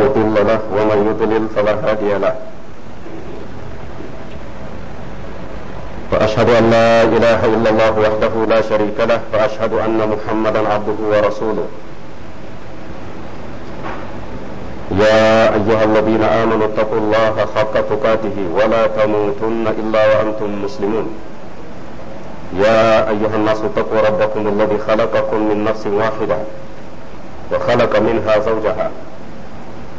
مضل له ومن يضلل فلا هادي له واشهد ان لا اله الا الله وحده لا شريك له واشهد ان محمدا عبده ورسوله يا ايها الذين امنوا اتقوا الله حق تقاته ولا تموتن الا وانتم مسلمون يا ايها الناس اتقوا ربكم الذي خلقكم من نفس واحده وخلق منها زوجها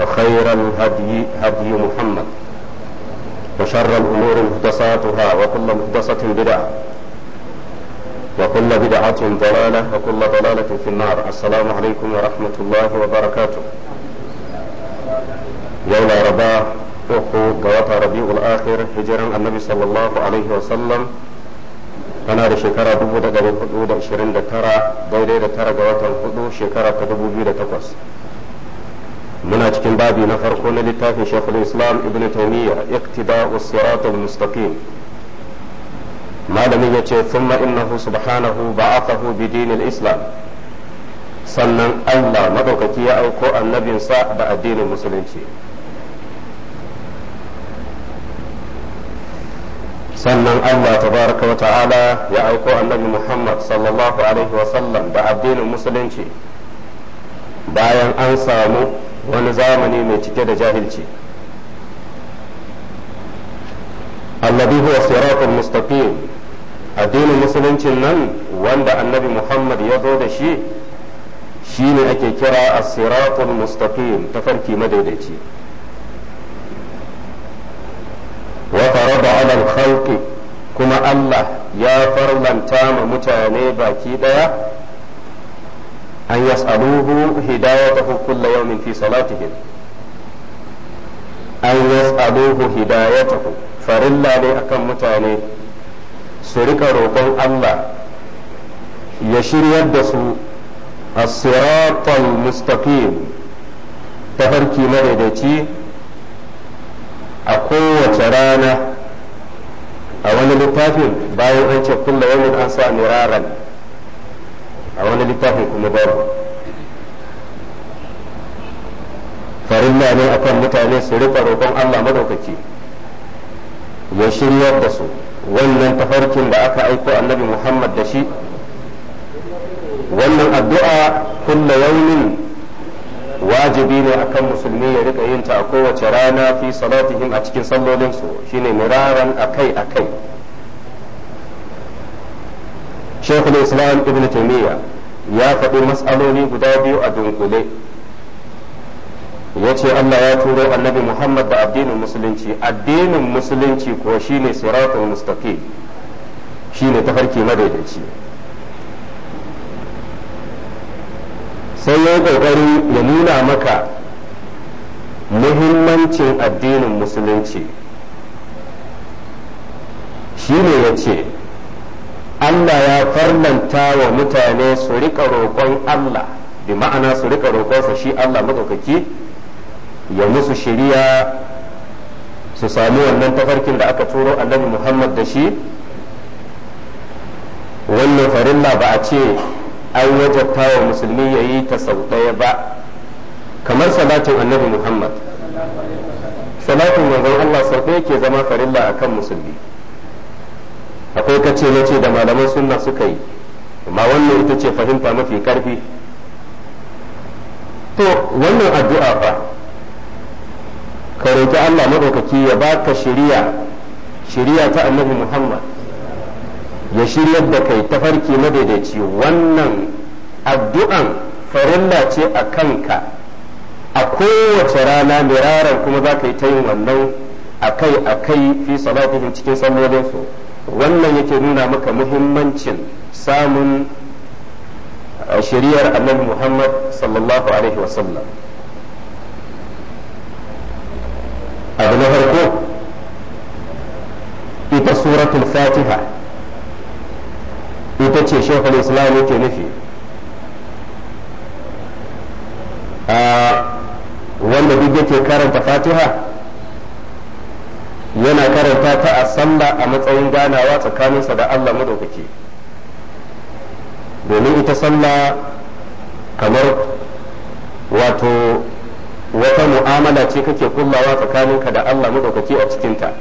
وخير الهدي هدي محمد وشر الأمور مهدساتها وكل مهدسه بدعة وكل بدعة ضلالة وكل ضلالة في النار السلام عليكم ورحمة الله وبركاته يولا رباه أخو قوات ربيع الآخر هجرا النبي صلى الله عليه وسلم أنا da shekara dubu da ɗari hudu da ashirin da tara daidai da tara ga watan hudu shekara ta dubu biyu da takwas muna cikin babi na farko na littafin shekul islam ibn taimiyya iktida usiratul mustaqim malamin ya ce thumma innahu subhanahu ba'athahu bi dinil islam sannan allah madaukaki ya aiko annabinsa da addinin musulunci sannan Allah Ta wa ta'ala ya aiko annabi Muhammad sallallahu alaihi wa sallam da addinin musulunci bayan an samu wani zamani mai cike da jahilci annabi huwa siratul mustaqim addinin musuluncin nan wanda annabi muhammad ya zo da shi shine ake kira as-siratul mustaqim farki madaidaici wa farada ala al kuma Allah ya farlanta ma mutane baki daya an yas'aluhu hidayatahu kulla yawmin fi salatihim an yas'aluhu hidayatahu farilla ne akan mutane su rika roƙon Allah ya shiryar da su as-siratal mustaqim tafarki madaidaici a kowace rana a wani littafin bayan an ce kula wani an sa miraran a wani littafin kuma babu na ne akan mutane su rika roƙon Allah madaukaki ya shiryar da su wannan tafarkin da aka aiko annabi Muhammad da shi wannan addu'a kulla yaumin wajibi ne akan musulmi ya rika yin ta a kowace rana fi salatihim a cikin sallolinsu shine miraran akai akai shekul islam ibn taimiyya ya faɗi matsaloli guda biyu a dunkule ya ce allah ya turo annabi muhammad da addinin musulunci addinin musulunci ko shine siratul mustaqim shine tafarki madaidaici sai ya ƙoƙari ya nuna maka muhimmancin addinin musulunci shine ya ce Allah ya farlanta wa mutane su rika roƙon Allah bi ma'ana su rika roƙonsa shi Allah ya musu shiriya su sami wannan tafarkin da aka turo annabi Muhammad da shi wannan farilla ba a ce an wajabta wa musulmi ya yi ta sau ɗaya ba kamar salatin annabi Muhammad salatin manzon Allah sau ɗaya ke zama farilla akan musulmi akwai kace na ce da malaman sunna suka yi amma wannan ita ce fahimta mafi karfi to wannan addu'a fa ka roki Allah madaukaki ya baka shari'a shari'a ta annabi Muhammad ya shirya da kai ta tafarki madaidaici wannan addu'an farilla ce a kanka a kowace rana miraran kuma za ka yi ta yin wannan akai akai fi salatihim cikin sallolinsu wannan yake nuna maka muhimmancin samun eh, shari'ar annabi muhammad sallallahu alaihi wasallam abu na farko ita suratul fatiha ita ce shekul islam yake nufi ah, wanda duk yake karanta fatiha yana karanta ta a sallah a matsayin ganawa tsakaninsa da Allah madaukaki domin ita sallah kamar wato wata mu'amala ce kake kullawa tsakaninka da Allah madaukaki a cikinta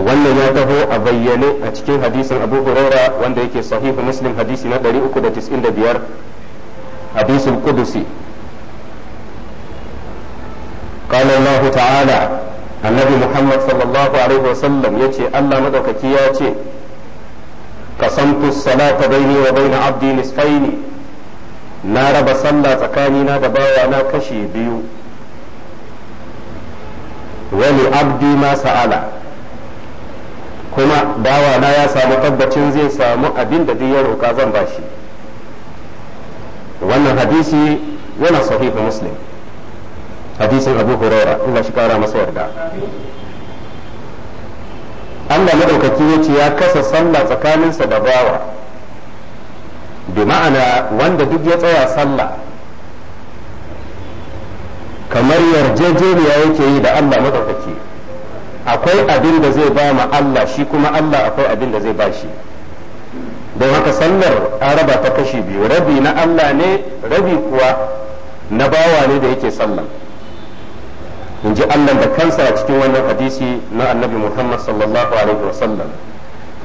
wannan ya taho a bayyane a cikin hadisin abu huraira wanda yake sahihu muslim hadisi na 395 hadisin kudusi قال الله تعالى النبي محمد صلى الله عليه وسلم يتي الله مدوكتي يتي قسمت الصلاة بيني وبين عبدي نصفين na raba sallah tsakanina da bawa na kashe biyu wani abdi ma sa'ala kuma bawa na ya samu tabbacin zai samu abin da duk ya roƙa zan bashi wannan hadisi yana sahihu muslim hadisin abu huraira Allah shi kara masa yarda Allah madaukaki ya ce ya kasa sallah tsakaninsa da bawa bi ma'ana wanda duk ya tsaya sallah kamar yarjejeniya yake yi da Allah madaukaki akwai abin da zai ba ma Allah shi kuma Allah akwai abin da zai ba shi don haka sallar araba ta kashi biyu rabi na Allah ne rabi kuwa na bawa ne da yake sallar. inji ji Allah da kansa a cikin wannan hadisi na annabi Muhammad sallallahu Alaihi wasallam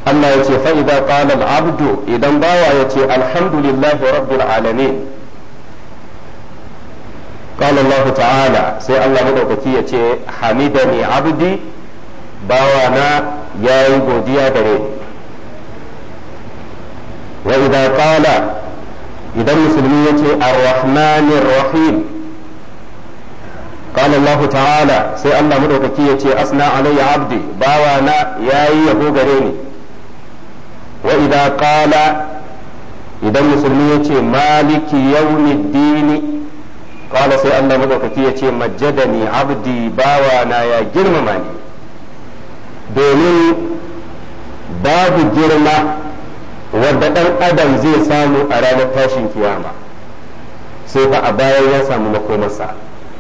Allah ya ce fa’ida ƙalal abdu idan bawa ya ce alhamdulillahi rabbil alamin ƙalal ta'ala sai Allah maɗaukaki ya ce hamidani abdi bawa na ya yi godiya gare wa idan idan musulmi ya ce ar-rahim قال الله تعالى سي الله مدوكي يتي أثنى علي عبدي باوانا ياي يهو غريني وإذا قال إذا مسلمي يتي مالك يوم الدين قال سي الله مدوكي يتي مجدني عبدي باوانا يا جرمماني domin babu girma wanda ɗan adam zai samu a ranar tashin kiyama sai fa a bayan ya samu makomarsa.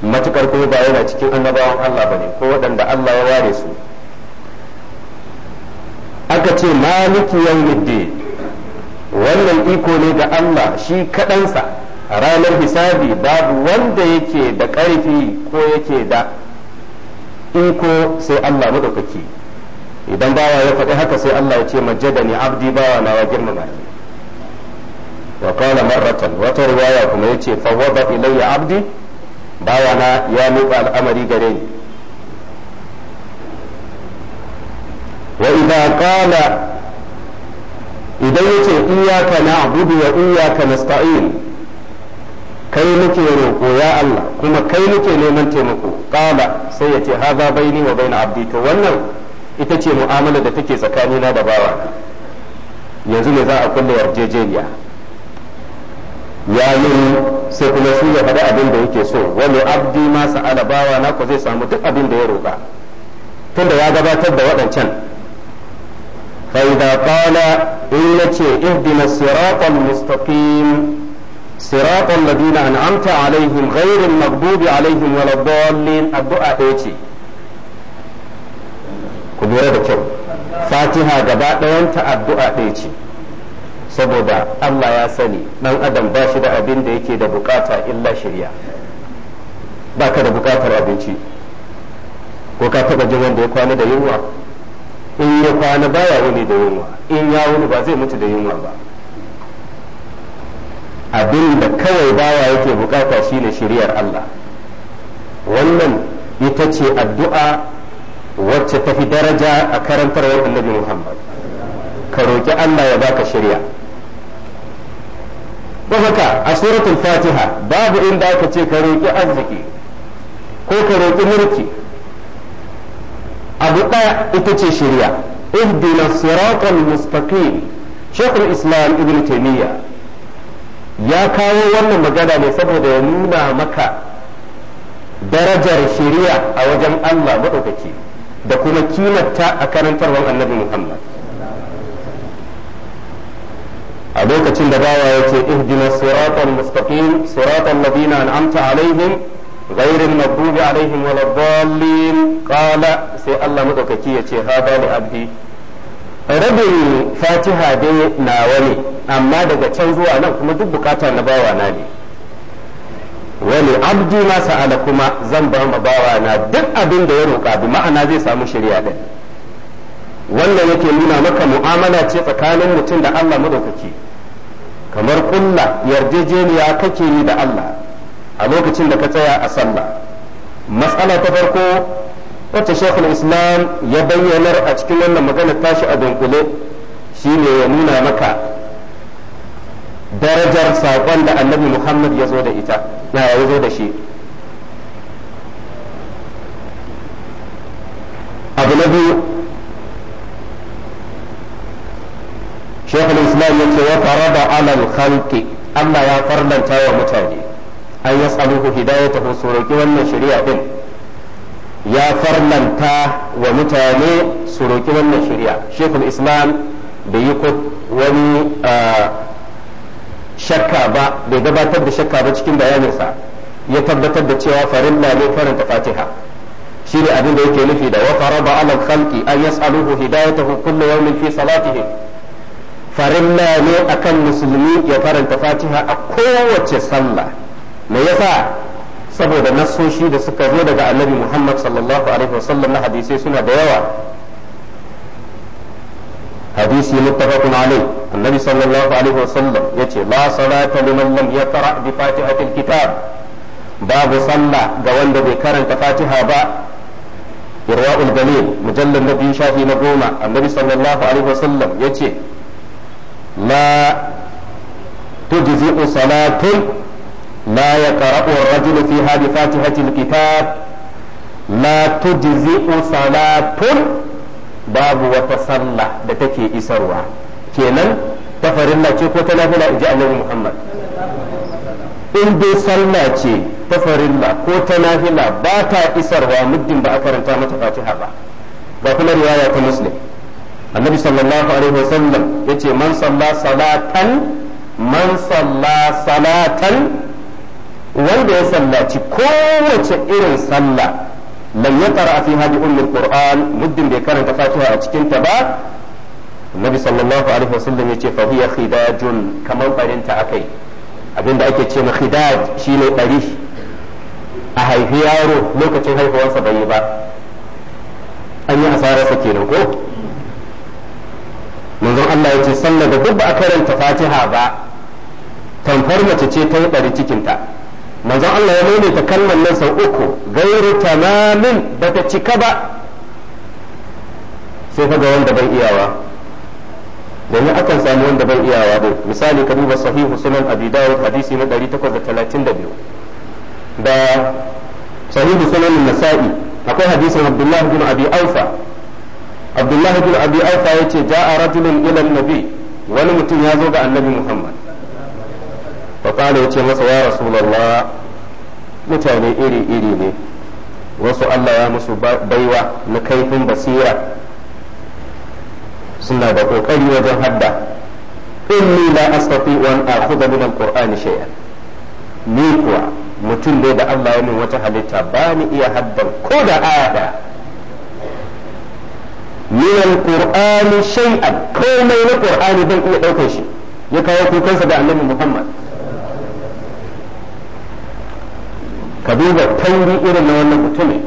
matukar kuma ba yana cikin annabawan Allah bane ko waɗanda Allah ya ware su aka ce maliki yawmiddin wannan iko ne ga Allah shi kaɗansa a ranar hisabi babu wanda yake da ƙarfi ko yake da iko sai Allah madaukaki idan bawa ya faɗi haka sai Allah ya ce majadani abdi bawa na wa girmama wa qala marratan wata riwaya kuma yace fawwada ilayya abdi bawana ya nufa al'amari gare ni wa idza qala idan yace iyyaka na'budu wa iyyaka nasta'in kai nake roƙo ya Allah kuma kai nake neman taimako qala sai yace hadha baini wa baina abdi to wannan ita ce mu'amala da take tsakanina da bawa yanzu ne za a kulle yarjejeniya ya yi sai kuma shi ya faɗi abin da yake so wani abdi ma sa'ala bawa na ku zai samu duk abin da ya roka tunda ya gabatar da waɗancan fai da ƙala in ce ihdina siratan mustaqim siratan ladina an amta alaihim ghairin maqdubi alaihim wala addu'a ɗaya ku lura da kyau fatiha gaba ɗayanta addu'a ɗaya ce saboda Allah ya sani dan adam ba shi da abin da yake da bukata illa shirya ba ka da bukatar abinci ko ka taba jin wanda ya kwana da yunwa in ya kwana baya wuni da yunwa in ya wuni ba zai mutu da yunwa ba abin da kawai bawa yake bukata shine shiriyar Allah wannan ita ce addu'a wacce ta fi daraja a karantarwar annabi Muhammad ka roƙi Allah ya baka shirya ko haka a suratul fatiha babu inda aka ce ka roki arziki ko ka roki mulki abu ɗaya ita ce shirya ihdina siratal mustaqim shekul islam ibn taimiyya ya kawo wannan magana ne saboda ya nuna maka darajar shari'a a wajen allah madaukaki da kuma kimanta a karantarwar annabi muhammad a lokacin da bawa ya ce ihdina siratal mustaqim siratal ladina an'amta alaihim غير المغضوب عليهم wala الضالين قال sai Allah madaukaki ya ce hada li abdi rabin fatiha dai nawa ne amma daga can zuwa nan kuma duk bukata na bawa na ne wani abdi ma sa'ala kuma zan ba ma bawa na duk abin da ya roƙa bi ma'ana zai samu shari'a din wannan yake nuna maka mu'amala ce tsakanin mutum da Allah madaukaki kamar kulla yarjejeniya kake yi da Allah a lokacin da ka tsaya a sallah matsala ta farko wacce shekul islam ya bayyanar a cikin wannan magana tashi a dunkule shine ya nuna maka darajar saƙon da annabi muhammad ya zo da ita ya zo da shi abu na biyu shekul islam ya ce wa farada alal khalqi Allah ya farlanta wa mutane an ya tsaluhu hidayatahu su roƙi wannan shari'a din ya farlanta wa mutane su roƙi wannan shari'a shekul islam da yi wani ah, shakka ba bai gabatar da shakka ba cikin bayaninsa ya tabbatar da cewa farin na ne karanta fatiha shi ne abin da yake nufi da wa farada alal khalqi an yas'aluhu hidayatahu kullu yawmin fi salatihim farilla ne akan musulmi ya faranta fatiha a kowace sallah me yasa saboda nassoshi da suka zo daga annabi muhammad sallallahu alaihi wasallam na hadisai suna da yawa hadisi muttafaqun alai annabi sallallahu alaihi wasallam yace la salata liman lam yaqra bi fatihatil kitab babu sallah ga wanda bai karanta fatiha ba irwaul galil mujallal na biyu shafi na goma annabi sallallahu alaihi wasallam yace لا تجزئ صلاة لا يقرأ fatiha فيها بفاتحة الكتاب لا تجزئ صلاة babu wata sallah da take isarwa kenan ta farilla ce ko ta nafila in ji annabi Muhammad in sallah ce ta farilla ko ta nafila ba ta isarwa muddin ba a karanta mata fatiha ba ga kuma riwaya ta muslim annabi sallallahu alaihi wasallam yace man salla salatan man salla salatan wanda ya sallaci kowace irin sallah lam yaqra fi hadi ummul qur'an muddin bai karanta fatiha a cikin ta ba annabi sallallahu alaihi wasallam yace fa hiya khidajun kaman barinta akai abinda ake ce ma khidaj shine bari a haifi yaro lokacin haihuwarsa bai yi ba an yi asararsa kenan ko manzon Allah ya ce sallar da duk ba a karanta fatiha ba tamfar mace ce ta yi cikinta manzon Allah ya maimaita kalmar nan sau uku gairu tamamin ba ta cika ba sai ga wanda bai iyawa domin akan samu wanda bai iyawa ba misali ka duba sahihu sunan abi dawud hadisi na 832 da sahihu sunan nasa'i akwai hadisin abdullahi bin abi aufa abdullahi bin abi aufa ya ce ja'a rajulun ila nabi wani mutum ya zo ga annabi muhammad faƙala ya ce masa ya rasulallah mutane iri-iri ne wasu allah ya musu baiwa na kaifin basira suna da ƙoƙari wajen hadda inni la astati a akhudha min alqur'ani shay'an ni kuwa mutum ne da Allah ya min wata halitta ba ni iya haddan ko da aya من القرآن شيئا komai na القرآن بل iya أوكي shi ya kawo kukansa da محمد muhammad تنبي duba tauri irin na wannan mutumin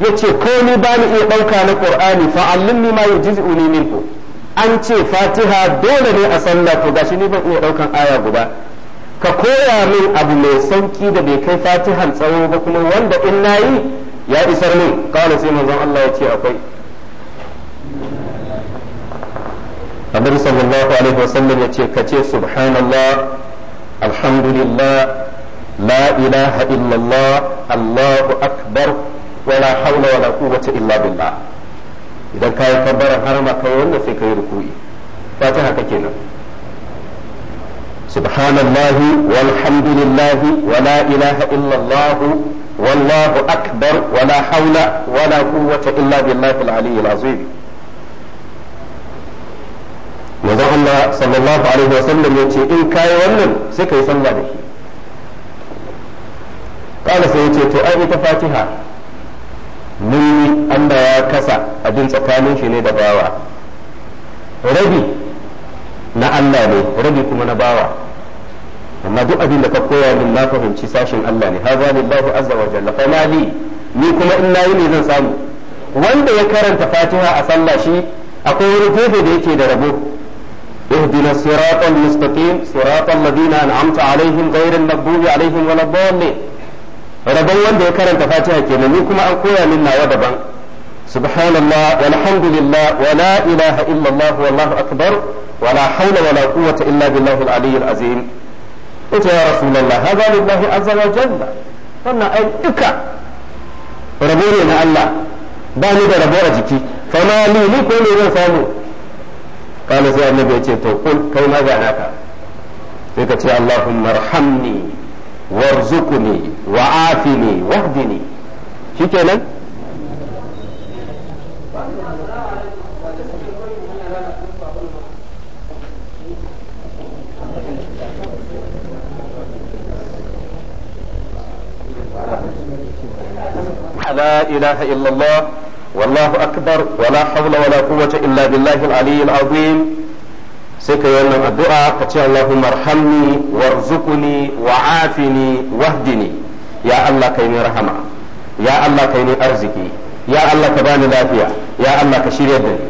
ya ko ni ما iya ɗauka na ƙur'ani fa'allimni ma ya jizi'uni minhu an ce fatiha dole ne a sallah to gashi ni ban iya ɗaukan aya guda ka koya min abu mai sanki da bai kai fatihan tsawo ba kuma wanda in nayi ya isar min kawai sai manzon Allah ya ce akwai annabi sallallahu alaihi wasallam ya ce kace subhanallah alhamdulillah la ilaha illallah allahu akbar wala haula wala quwwata illa billah idan kayi kabbaran harama kawai wanda sai kayi ruku'i fatiha haka kenan سبحان الله والحمد لله ولا إله إلا الله والله أكبر ولا حول ولا قوة إلا بالله العلي العظيم manzon Allah sallallahu alaihi wasallam ya ce in kayi wannan sai kai sallah da shi kala sai ya ce to ai ita fatiha mun Allah ya kasa abin tsakanin shi ne da bawa rabi na Allah ne rabi kuma na bawa amma duk abin da ka koya min na fahimci sashin Allah ne haza lillahi azza wa jalla fa mali ni kuma in nayi ne zan samu wanda ya karanta fatiha a sallah shi akwai wani gefe da yake da rabo اهدنا الصراط المستقيم صراط الذين أنعمت عليهم غير المغضوب عليهم ولا الضالين rabon wanda ya karanta fatiha kenan ni kuma an koya min nawa daban subhanallah walhamdulillah wala ilaha illallah wallahu akbar wala hawla wala quwwata illa billahi al-ali al-azim ita ya rasulullah hadha lillahi azza wa jalla wannan ai duka rabo ne na Allah ba ni da rabo a jiki fa ni ni zan samu قال سي النبي يتي تو قل كي ما جاناك سيكا اللهم ارحمني وارزقني وعافني واهدني شكرا لا إله إلا الله wallahu akbar wala hawla wala quwwata illa billahi al-aliyyil azim sai ka wannan addu'a ka ce Allahumma arhamni warzuqni wa'afini wahdini ya Allah kai ni rahama ya Allah kai ni arziki ya Allah ka bani lafiya ya Allah ka shirya da ni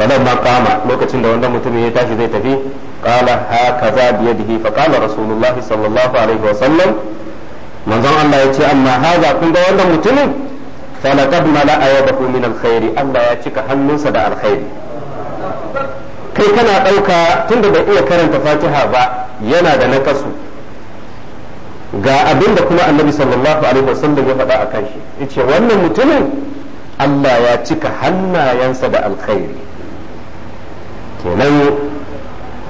fadan ma lokacin da wanda mutumin ya tashi zai tafi qala hakaza bi yadihi fa qala sallallahu alaihi wa sallam manzon Allah ya ce amma haza kun wannan mutumin falaqad mala'a yadahu min alkhairi Allah ya cika hannunsa da alkhairi kai kana ɗauka tunda bai iya karanta fatiha ba yana da nakasu ga abinda kuma annabi sallallahu alaihi wasallam ya faɗa a kan shi yace wannan mutumin Allah ya cika hannayensa da alkhairi kenan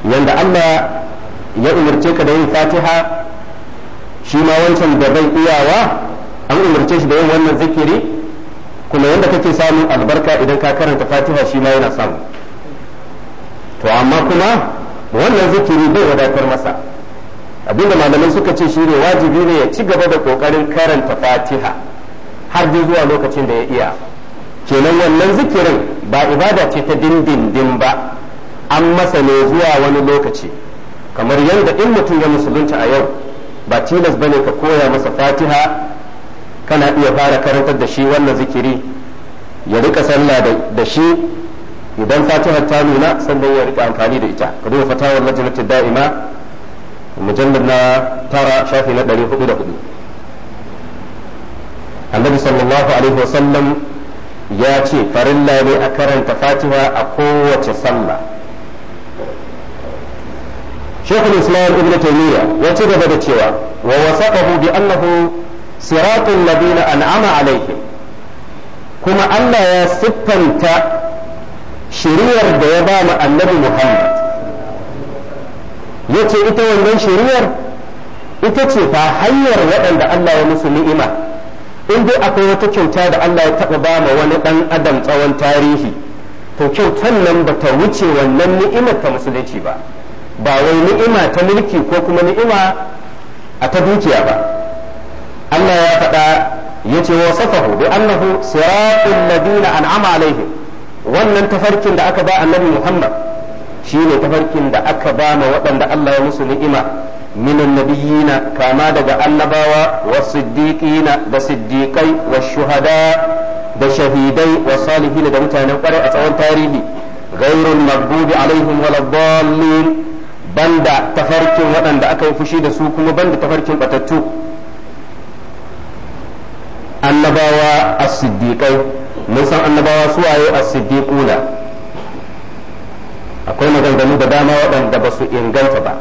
yanda Allah ya umarce ka da yin fatiha shi ma wancan da bai iyawa an umarce shi da yin wannan zikiri kuma yadda kake samun albarka idan ka karanta fatiha shi ma yana samu to amma kuma wannan zikiri bai wadatar masa abinda malamai suka ce shi ne wajibi ne ya ci gaba da kokarin karanta fatiha har dai zuwa lokacin da ya iya kenan wannan zikirin ba ibada ce ta dindindin ba an masa ne zuwa wani lokaci kamar yadda in mutum ya musulunta a yau ba tilas bane ka koya masa fatiha kana iya fara karantar da shi wannan zikiri ya rika sallah da shi idan fatihar ta nuna sannan ya rika amfani da ita ka duba fatawar majalatu da'ima mujallar na tara shafi na 404 annabi sallallahu alaihi wasallam ya ce farilla ne a karanta fatiha a kowace sallah shekul islam ibn taymiya ya ci gaba da cewa wa wasaqahu bi annahu Siratun ladina an'ama alaihim kuma Allah ya siffanta shiriyar da ya ba annabi Muhammad yace ita wannan shiriyar ita ce ta hanyar waɗanda Allah ya musu ni'ima in dai akwai wata kyauta da Allah ya taɓa ba ma wani ɗan adam tsawon tarihi to kyautan nan ba ta wuce wannan ni'imar ta musulunci ba ba wai ni'ima ta mulki ko kuma ni'ima a ta dukiya ba Allah ya faɗa ya ce wa safahu bi annahu siratul ladina an'ama alaihim wannan tafarkin da aka ba annabi Muhammad shine tafarkin da aka ba ma waɗanda Allah ya musu ni'ima من kama daga annabawa wa والصديقين da والشهداء wa shuhada da shahidai wa da mutanen kwarai a tsawon tarihi غير المغضوب عليهم ولا الضالين banda tafarkin waɗanda aka yi fushi da su kuma banda tafarkin batattu annabawa as-siddiqai mun san annabawa su waye as-siddiquna akwai maganganu da dama waɗanda ba su inganta ba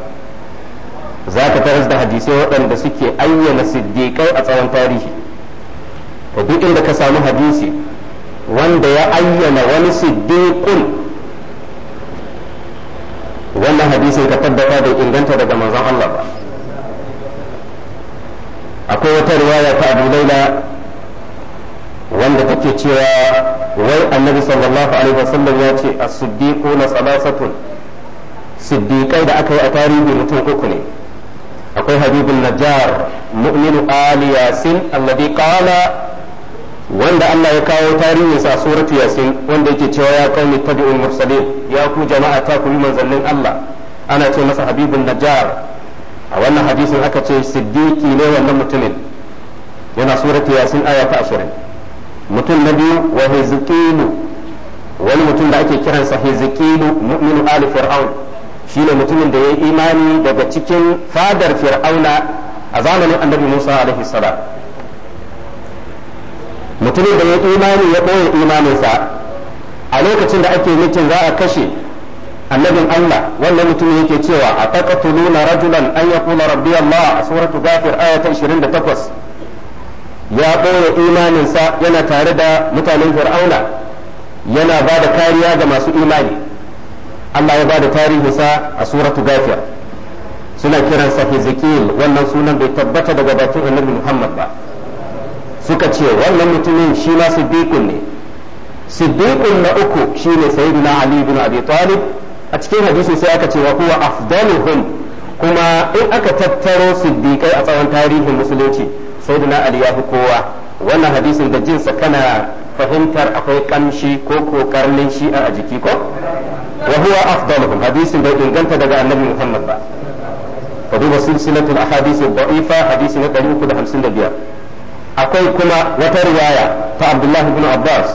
za ka taras da hadisai waɗanda suke ayyana siddiƙai a tsawon tarihi to duk inda ka samu hadisi wanda ya ayyana wani siddiƙun wannan hadisi ka tabbata da inganta daga manzon Allah ba akwai wata riwaya ta Abu Laila wanda take cewa wai annabi sallallahu alaihi wasallam ya ce a siddiqu na salasatun siddiqai da aka yi a tarihi mutum uku ne akwai habibu najjar mu'minu ali yasin alladhi qala wanda Allah ya kawo tarihin a suratu yasin wanda yake cewa ya kauni tabi'ul mursalin ya ku jama'a ta ku manzannin Allah ana ce masa habibun najjar a wannan hadisin aka ce siddiqi ne wannan mutumin yana suratu yasin aya ta 20 mutum na biyu wa hizqilu wani mutum da ake kiransa hizqilu mu'minu ali fir'aun shi ne mutumin da ya yi imani daga cikin fadar fir'auna a zamanin annabi musa alaihi salam mutumin da ya yi imani ya ɓoye imaninsa a lokacin da ake mitin za a kashe annabin Allah wannan mutum yake cewa a na rajulan an kula rabbi Allah a suratu gafir ayata 28 ya ɓoye imaninsa yana tare da mutanen fir'auna yana ba da kariya ga masu imani Allah ya ba da tarihinsa a suratu gafiya suna kiransa hezekiel wannan sunan bai tabbata daga bakin annabi muhammad ba suka ce wannan mutumin shi ma siddiqun ne siddiqun na uku shine sayyidina ali bin abi talib a cikin hadisi sai aka ce wa huwa afdaluhum kuma in aka tattaro siddiqai a tsawon tarihin musulunci sayyidina ali ya fi kowa wannan hadisin da jinsa kana fahimtar akwai kamshi ko kokarnin shi a jiki ko wa huwa afdaluhum hadisin bai inganta daga annabi muhammad ba ka duba silsilatul ahadith ad-da'ifa hadisi na 355 akwai kuma wata riwaya ta abdullahi ibn abbas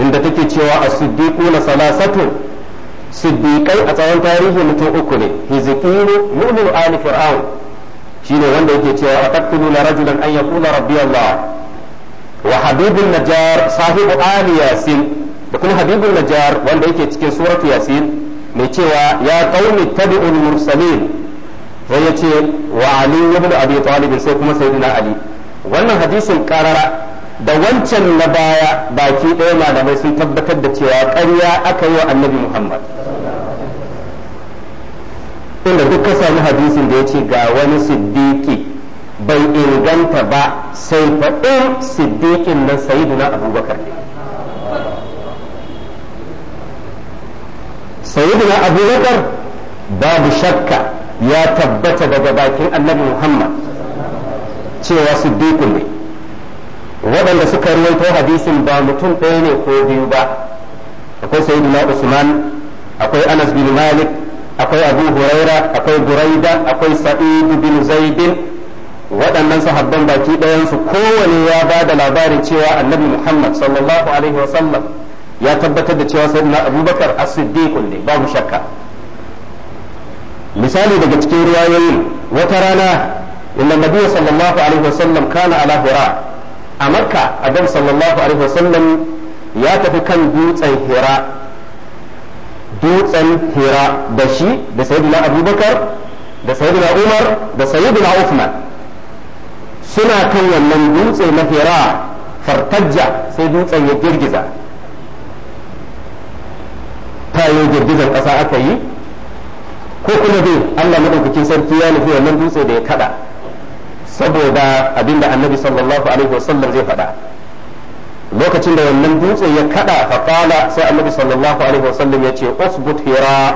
inda take cewa as-siddiquna salasatu siddiqai a tsawon tarihi mutum uku ne hizqiru mu'minu ali fir'aun shine wanda yake cewa ataqtuluna rajulan an yaqula rabbi Allah wa habibun sahibu ali yasin da kuma habibun najar wanda yake cikin suratu yasin mai cewa ya qaumi tabi'ul mursalin sai ya ce wa ali ibn abi talib sai kuma sayyidina ali wannan hadisin karara da wancan na baya baki ɗaya malamai sun tabbatar da cewa ƙarya aka yi wa annabi muhammad inda duk ka samu hadisin da ya ce ga wani sidiki bai inganta ba sai faɗin siddiqin nan sayyiduna abubakar ne sayyiduna abubakar babu shakka ya tabbata daga bakin annabi muhammad cewa siddiqun ne waɗanda suka ruwaito hadisin ba mutum ɗaya ne ko biyu ba akwai sayyiduna usman akwai anas bin malik akwai abu huraira akwai buraida akwai sa'id bin zaidin waɗannan sahabban baki ɗayansu kowane ya ba da labarin cewa annabi muhammad sallallahu alaihi wasallam ya tabbatar da cewa sayyidina abubakar as-siddiq ne babu shakka misali daga cikin riwayoyin wata rana inna nabiy sallallahu alaihi wasallam kana ala hira a makka adam sallallahu alaihi wasallam ya tafi kan dutsen hira dutsen hira da shi da sayyidina abubakar da sayyidina umar da sayyidina uthman suna kan wannan dutse na hira fartajja sai dutsen ya girgiza ta yi girgizan ƙasa aka yi ko kuma dai allah maɗaukakin sarki ya nufi wannan dutse da ya kada saboda abinda annabi sallallahu alaihi wasallam zai faɗa lokacin da wannan dutse ya kada faƙala sai annabi sallallahu alaihi wasallam ya ce usbut hira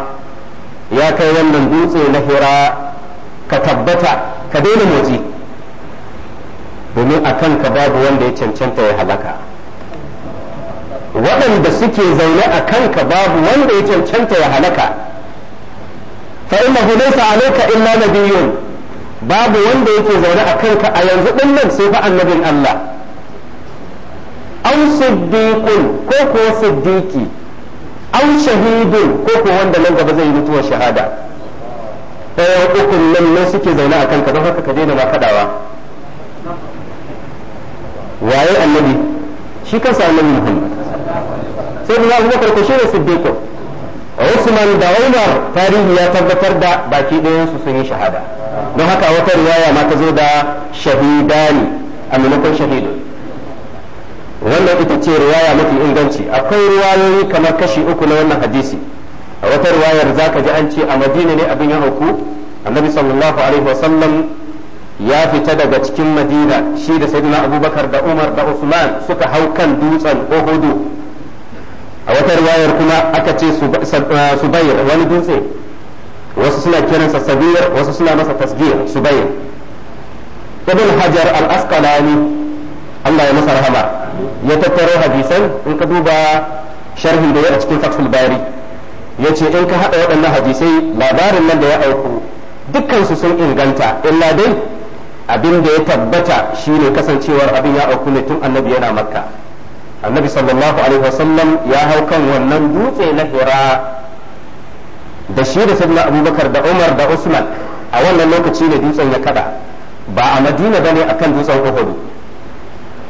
ya kai wannan dutse na hira ka tabbata ka daina motsi domin a kanka babu wanda ya cancanta ya halaka waɗanda suke zaune a kanka babu wanda ya cancanta ya halaka fa inna laysa alayka illa nabiyyun babu wanda yake zaune a kanka a yanzu dinnan sai fa annabin Allah aw siddiqun ko ko siddiqi aw shahidun ko ko wanda nan gaba zai yi mutuwar shahada ɗaya ukun nan ne suke zaune a kanka don haka ka daina ma kaɗawa waye annabi shi sa annabi muhammad sai da abu bakar shi ne siddiqun Usman da Umar tarihi ya tabbatar da baki ɗayan su sun yi shahada don haka wata riwaya ma ta zo da shahidani a maimakon shahidun wannan ita ce riwaya mafi inganci akwai riwayoyi kamar kashi uku na wannan hadisi a wata riwayar zaka ji an ce a madina ne abin ya hauku annabi sallallahu alaihi wasallam ya fita daga cikin madina shi da sayyidina abubakar da umar da usman suka hau kan dutsen ohudu a wata riwayar kuma aka ce subayir uh, wani dutse wasu suna kiransa sabir wasu suna masa tasgir subayir ibn hajar al-asqalani Allah ya masa rahama ya tattaro hadisan in ka duba sharhin da ya a cikin fathul bari ya ce in ka haɗa waɗannan hadisai labarin nan da ya auku dukkansu sun inganta illa dai abin da ya tabbata shi ne kasancewar abin ya auku ne tun annabi yana makka annabi sallallahu alaihi wasallam ya hau kan wannan dutse na hira da shi da sabbin abubakar da umar da usman a wannan lokaci ne dutsen ya kada ba a madina bane akan dutsen uhudu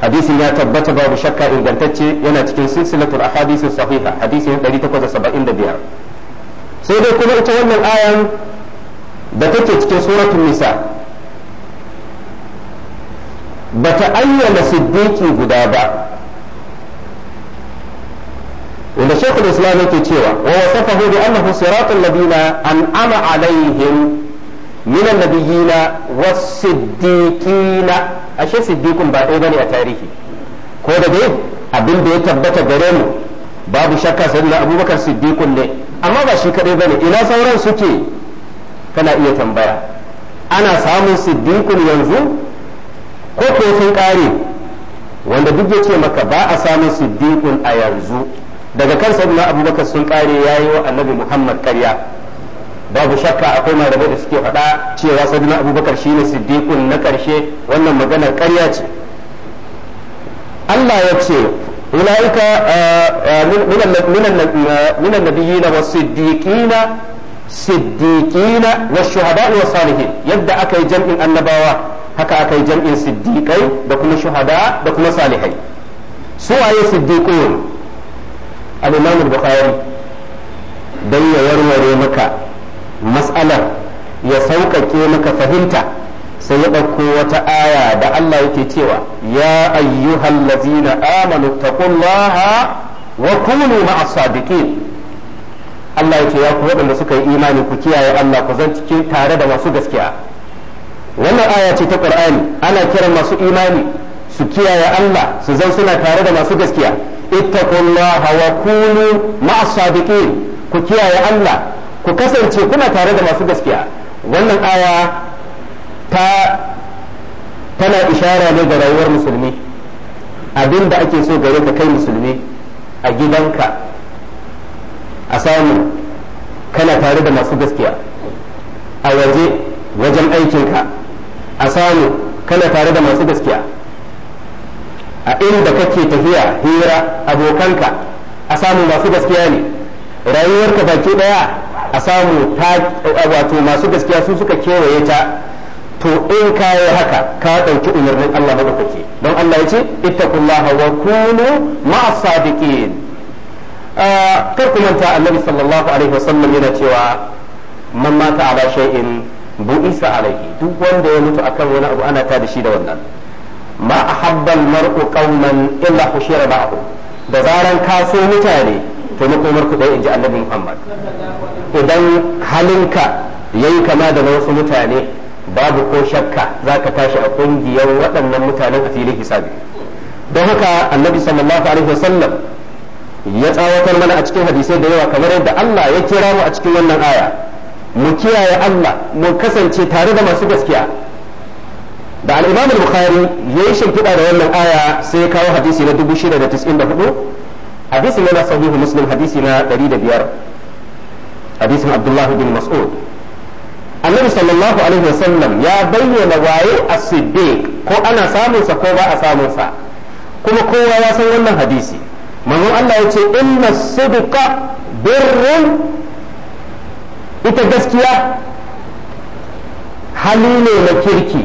hadisin ya tabbata babu shakka ingantacce yana cikin silsilatul ahadith sahiha hadisin 875 sai dai kuma ita wannan ayan da take cikin suratul nisa bata ayyana siddiqi guda ba wanda shekul islam yake cewa wa wasafahu bi annahu siratul ladina an'ama alaihim min annabiyina was-siddiqina ashe siddiqun ba ɗaya a tarihi ko da dai abin ya tabbata gare mu babu shakka sayyidina abubakar siddiqun ne amma ba shi kadai bane ina sauran suke kana iya tambaya ana samun siddiqun yanzu ko ko sun wanda duk ya ce maka ba a samun siddiqun a yanzu daga kan sayyidina abubakar sun kare yayi wa annabi muhammad karya babu shakka akwai malamai da suke faɗa cewa sabina abubakar shine siddiƙun na ƙarshe wannan maganar ƙarya ce Allah ya ce ulaika na annabiyina was-siddiqina siddiqina siddiƙina wa shuhadai wa salihin yadda aka yi jam'in annabawa haka aka yi jam'in siddiƙai da kuma shuhada da kuma salihai su waye siddiƙun al-imam al-bukhari dan ya warware maka matsalar ya sauƙaƙe maka fahimta sai ya ɗauko wata aya da Allah yake cewa ya ayyuhal lazina amanu taqullaha wa kunu ma'as sadiqin Allah ya ce ya ku waɗanda suka yi imani ku kiyaye Allah ku zan cikin tare da masu gaskiya wannan aya ce ta Qur'ani ana kiran masu imani su kiyaye Allah su zan suna tare da masu gaskiya ittaqullaha wa kunu ma'as sadiqin ku kiyaye Allah ku kasance kuna tare da masu gaskiya wannan aya ta tana ishara ne ga rayuwar musulmi abin da ake so gare ka kai musulmi a gidanka a samu kana tare da masu gaskiya a waje wajen aikinka a samu kana tare da masu gaskiya a inda kake tafiya hira abokanka a samu masu gaskiya ne rayuwarka baki daya a samu wato masu gaskiya su suka kewaye ta to in ka yi haka ka ɗauki umarnin Allah maɗaukaki don Allah ya ce ittaqullaha wa kunu ma'as sadiqin ah, kar ku manta annabi sallallahu alaihi wasallam yana cewa man mata ala shay'in isa alaihi duk wanda ya mutu akan wani abu ana ta da shi da wannan ma ahabba al-mar'u qauman illa hushira ba'hu da zaran ka so mutane to makomar ku dai inji annabi Muhammad idan halinka ya yi kama da na wasu mutane babu ko shakka za ka tashi a kungiyar waɗannan mutanen a filin hisabi don haka annabi sallallahu alaihi wasallam ya tsawatar mana a cikin hadisai da yawa kamar yadda Allah ya kira mu a cikin wannan aya mu kiyaye Allah mu kasance tare da masu gaskiya da al-Imam al-Bukhari yayi shimfiɗa da wannan aya sai ya kawo hadisi na 694 Hadisi yana sahihu Muslim hadisi na biyar. hadisin abdullahi bin mas'ud annabi sallallahu alaihi wasallam ya bayyana waye as-siddiq ko ana samun sa ko ba a samun sa kuma kowa ya san wannan hadisi manzon Allah ya ce inna sidqa birrun ita gaskiya hali ne na kirki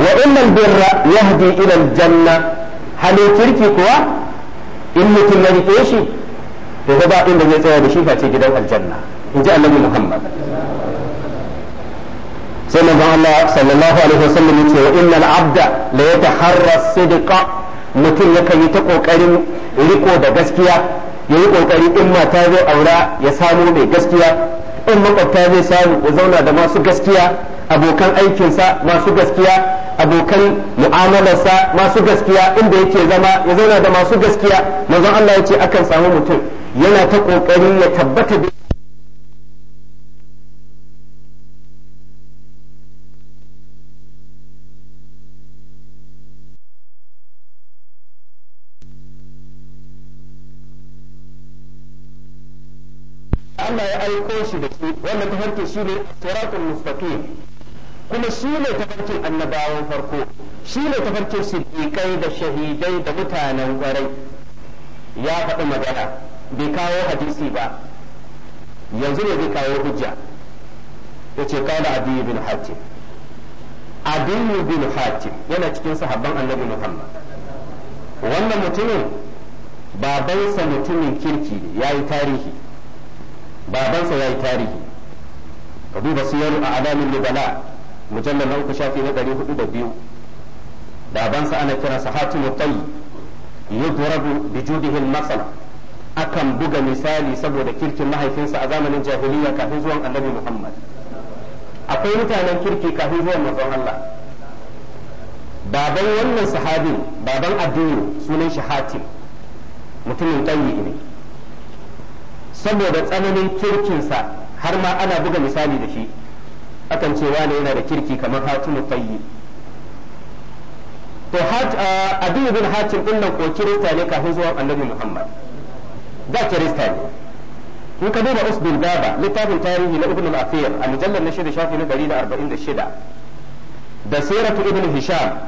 wa inna birra yahdi ila janna hali kirki kuwa in mutum ya rike shi to ba abin da zai tsaya da shi face gidan aljanna in ji annabi muhammad sai zan Allah sallallahu alaihi wasallam yace wa innal abda la yataharra sidqa mutum yakan yi ta kokarin riko da gaskiya yayi kokari in mata zai aura ya samu mai gaskiya in makwabta zai samu ya zauna da masu gaskiya abokan aikinsa masu gaskiya abokan mu'amalarsa masu gaskiya inda yake zama ya zauna da masu gaskiya manzon Allah ya ce akan samu mutum yana ta ƙoƙarin ya tabbata da Allah ya aiko shi da shi wannan tafarki shi ne siratul mustaqim kuma shi ne tafarkin annabawan farko shi ne tafarkin siddiƙai da shahidai da mutanen ƙwarai ya faɗi magana bai kawo hadisi ba yanzu ne zai kawo hujja ya ce kala abiyu bin hati abiyu bin hati yana cikin sahabban annabi muhammad wannan mutumin babansa mutumin kirki ne ya yi tarihi babansa ya yi tarihi ka duba yaro a alamin libala mujallar na uku shafi na ɗari hudu da biyu babansa ana kiransa hatimu tayi yudrabu bijudihi al-masala akan buga misali saboda kirkin mahaifinsa a zamanin jahiliya kafin zuwan annabi Muhammad akwai mutanen kirki kafin zuwan manzon Allah baban wannan sahabin baban addini sunan shi hatim mutumin tayi ne saboda tsananin kirkinsa har ma ana buga misali da shi akan cewa ne yana da kirki kamar hatimu tayi to ah, addini bin hatim din nan ko kirista ne kafin zuwan annabi Muhammad da kirista ne in ka duba usbul gaba littafin tarihi na ibn al-afir a mujallar na shida shafi na 146 da siratu ibn hisham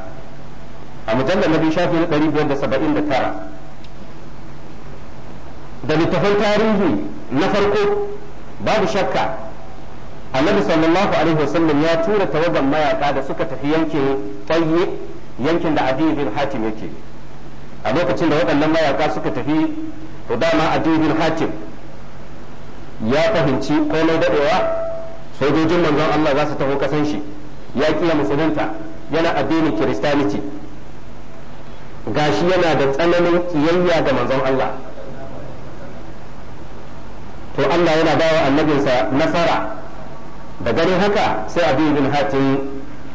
a mujallar na biyu shafi na 579 da littafin tarihi na farko babu shakka annabi sallallahu alaihi wasallam ya tura tawagan mayaka da suka tafi yankin tsaye yankin da abi bin hatim yake a lokacin da waɗannan mayaka suka tafi to dama adi bin hatim ya fahimci komai daɗewa sojojin manzon Allah za su taho kasan shi ya a musulunta yana addinin kiristaniti gashi yana da tsananin kiyayya ga manzon Allah to Allah yana bawa annabinsa nasara da ganin haka sai abu hatim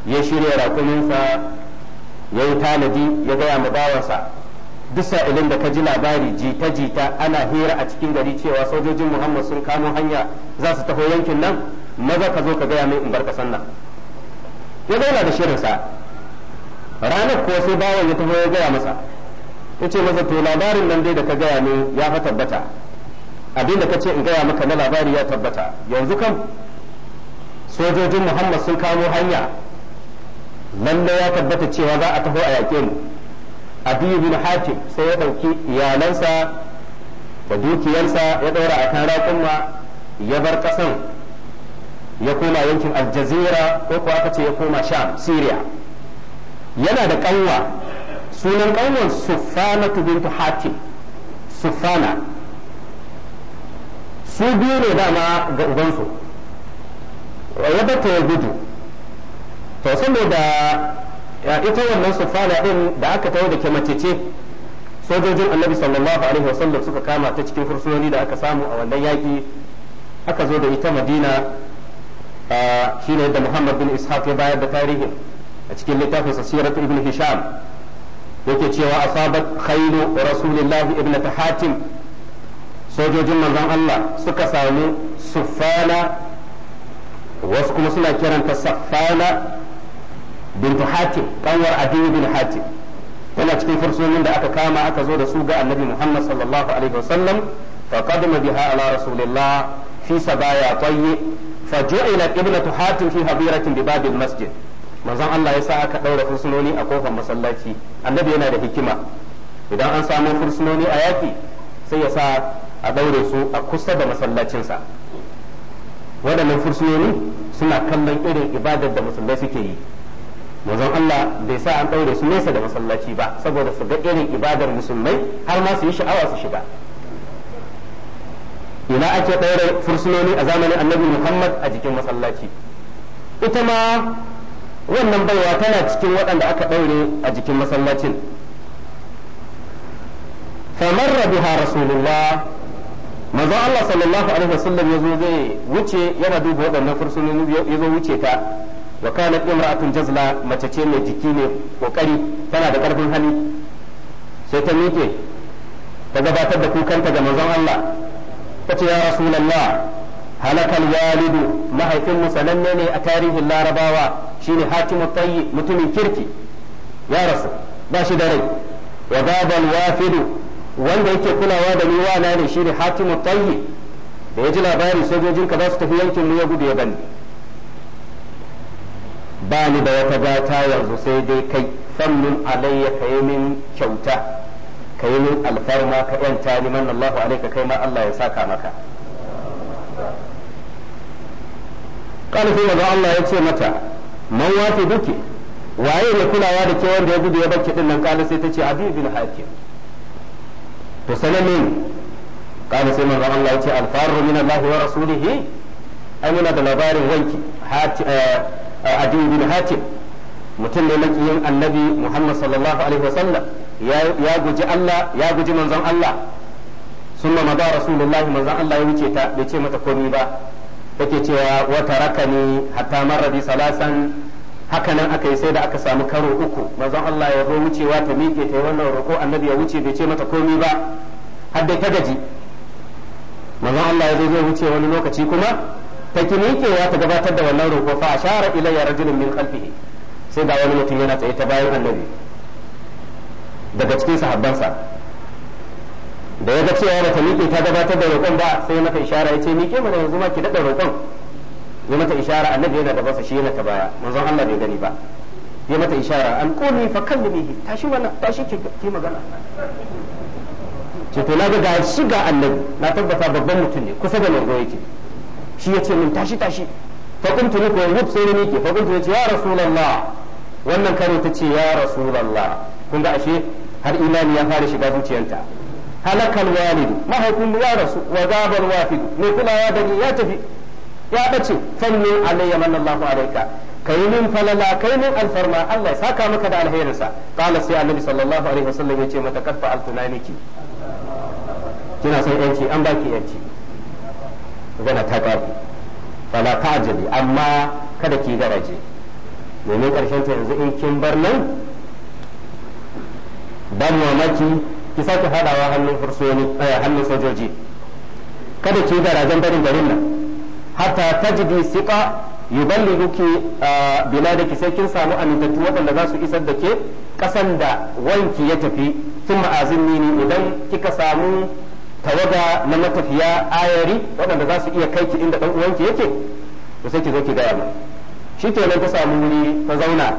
ya shirya rakuninsa ya yi tanadi ya gaya ma bawansa duk sa'ilin da ka ji labari jita jita ana hira a cikin gari cewa sojojin muhammad sun kamo hanya za su taho yankin nan maza ka zo ka gaya min in bar kasan nan ya zauna da sa ranar ko sai bawan ya taho ya gaya masa ya ce masa to labarin nan dai da ka gaya min ya fa tabbata abin da ka ce in gaya maka na labari ya tabbata yanzu kam sojojin muhammad sun kamo hanya lalle ya tabbata cewa za a taho a yaƙe mu abi bin hatim sai ya ɗauki iyalansa da dukiyarsa ya ɗaura a kan raƙumma ya bar ƙasan ya koma yankin aljazira ko ko aka ce ya koma sham syria yana da ƙanwa sunan ƙanwar sufana bintu hatim sufana su biyu ne dama ga ubansu ya bata ya gudu to saboda ita wannan sufana din da aka tawo da ke mace ce sojojin annabi sallallahu alaihi wasallam suka kama ta cikin fursunoni da aka samu a wannan yaki aka zo da ita madina shine da muhammad bin ishaq ya bayar da tarihin a cikin littafin siratu ibn hisham yake cewa asabat khailu rasulillahi ibn hatim sojojin manzon Allah suka samu sufana wasu kuma suna kiranta safana bintu hatim kanwar adiyu bin hatim tana cikin fursunin da aka kama aka zo da su ga annabi muhammad sallallahu alaihi wasallam fa qadama biha ala rasulillah fi sabaya tayyi fa ju'ilat ibnatu hatim fi habiratin bi babil masjid manzon Allah ya sa aka daura fursunoni a kofan masallaci annabi yana da hikima idan an samo fursunoni a yaki sai ya sa a daure su a kusa da masallacinsa waɗannan fursunoni suna kallon irin ibadar da musulmai suke yi manzon Allah bai sa an ɗaure su nesa da masallaci ba saboda su ga irin ibadar musulmai har ma su yi sha'awa su shiga ina ake ɗaure fursunoni a zamanin annabi Muhammad a jikin masallaci ita ma wannan baiwa tana cikin waɗanda aka ɗaure a jikin masallacin famarra rabiha rasulullah manzon Allah sallallahu alaihi wasallam yazo zai wuce yana duba waɗannan fursunoni ya zo wuce ta wa kanat imra'atun jazla mace ce mai jiki ne kokari tana da karfin hali sai ta miƙe ta gabatar da kukanta ga manzon Allah ta ce ya rasulullah halakal walidu mahaifin musalanne ne a tarihin larabawa shine hatimu tayyi mutumin kirki ya rasu ba shi da rai wa babal wafidu wanda yake kulawa da ni wana ne shine hatimu tayyi da ya ji labari sojojinka za su tafi yankin mu ya gudu ya bani ba ni da wata gata yanzu sai dai kai fannin alayya ka yi min kyauta ka yi min alfarma ka yanta ni man Allahu alayka kai ma Allah ya saka maka kana sai manzo Allah ya ce mata man wafi duke waye ne kulawa da ke wanda ya gudu ya barke din nan kana sai ta ce abi bin hakim to sanane kana sai manzo Allah ya ce alfarru min Allah wa rasulihi amina da labarin wanki eh, adi bin hatim mutum ne makiyin annabi muhammad sallallahu alaihi wasallam ya guji allah ya guji manzon allah sunna maza rasulullahi manzon allah ya wuce ta bai ce mata komi ba take cewa wata rakani hatta marrabi salasan hakanan aka yi sai da aka samu karo uku manzon Allah ya zo wucewa ta miƙe ta yi wannan roƙo annabi ya wuce bai ce mata komi ba har dai ta gaji manzon Allah ya zo zai wuce wani lokaci kuma ta ya ta gabatar da wannan roƙo fa ashara ilayya rajulun min khalfihi sai ga wani mutum yana tsaye ta bayan annabi daga cikin sahabbansa da ya ga cewa ta miƙe ta gabatar da roƙon ba sai mata ishara ya ce miƙe mana yanzu ma ki daɗa roƙon ya mata ishara annabi yana gabansa shi yana ta baya manzon Allah bai gani ba ya mata ishara an kuni fa kallimihi tashi wannan tashi ki ki magana ce to na ga shiga annabi na tabbata babban mutum ne kusa da manzo yake shi ya ce min tashi tashi fa kuntu ni ko yub ni ke fa kuntu ya rasulullah wannan kare ta ce ya rasulullah kun ga ashe har imani ya fara shiga zuciyarta halakal walid mahaifin ya rasu wa zabal wafid mai kulawa da ya tafi ya bace fanni alayya manallahu alayka kai min falala kai min alfarma Allah ya saka maka da alherinsa qala sai annabi sallallahu alaihi wasallam ya ce mata kaffa altunaniki kina san yanci an baki yanci gana ta ƙaru fala ta ajali amma kada ki garaje domin ƙarshen ta yanzu in kin bar nan ban mamaki ki sake haɗawa hannun fursoni eh, hannun sojoji kada ki garajen barin garin nan hatta tajidi bila da eh, biladaki sai kin samu amintattu waɗanda za su isar da ke ƙasan da wanki ya tafi tun ma'azin ne idan kika samu tawaga na matafiya ayari waɗanda za su iya kai ki inda ɗan uwanki yake to sai ki zo ki gaya mu shi kenan ta samu wuri ta zauna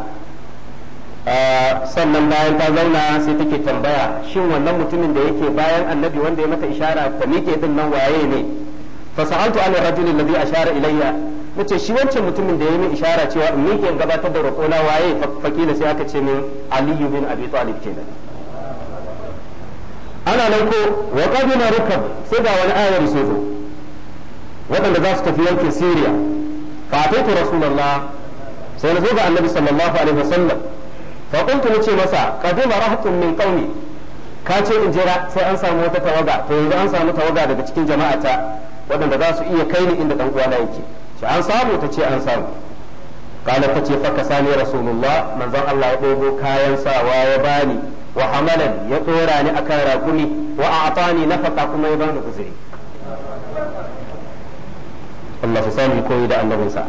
ah, sannan bayan ta zauna sai take tambaya shin wannan mutumin da yake bayan annabi wanda ya mata ishara ta mike din nan waye ne fa sa'altu an rajul alladhi ashara ilayya nace shi wancan mutumin da ya min ishara cewa in miƙe gabatar da roƙona waye fa sai aka ce min aliyu bin abi talib kenan ana nan ko wa qadima rukab sai ga wani ayar su zo waɗanda za su tafi yankin Syria fa ataitu rasulullah sai na zo ga annabi sallallahu alaihi wasallam fa qultu nace masa qadima rahatun min qaumi ka ce in jira sai an samu wata tawaga to yanzu an samu tawaga daga cikin jama'ata waɗanda za su iya kai ni inda dan uwana yake ce an samu ta ce an samu kala ta ce fa kasani rasulullah manzon Allah ya dogo kayan sawa ya bani wa hamalan ya tsora ni akan raƙumi wa a'tani nafaka kuma ya bani uzuri Allah su sani koyi da annabinsa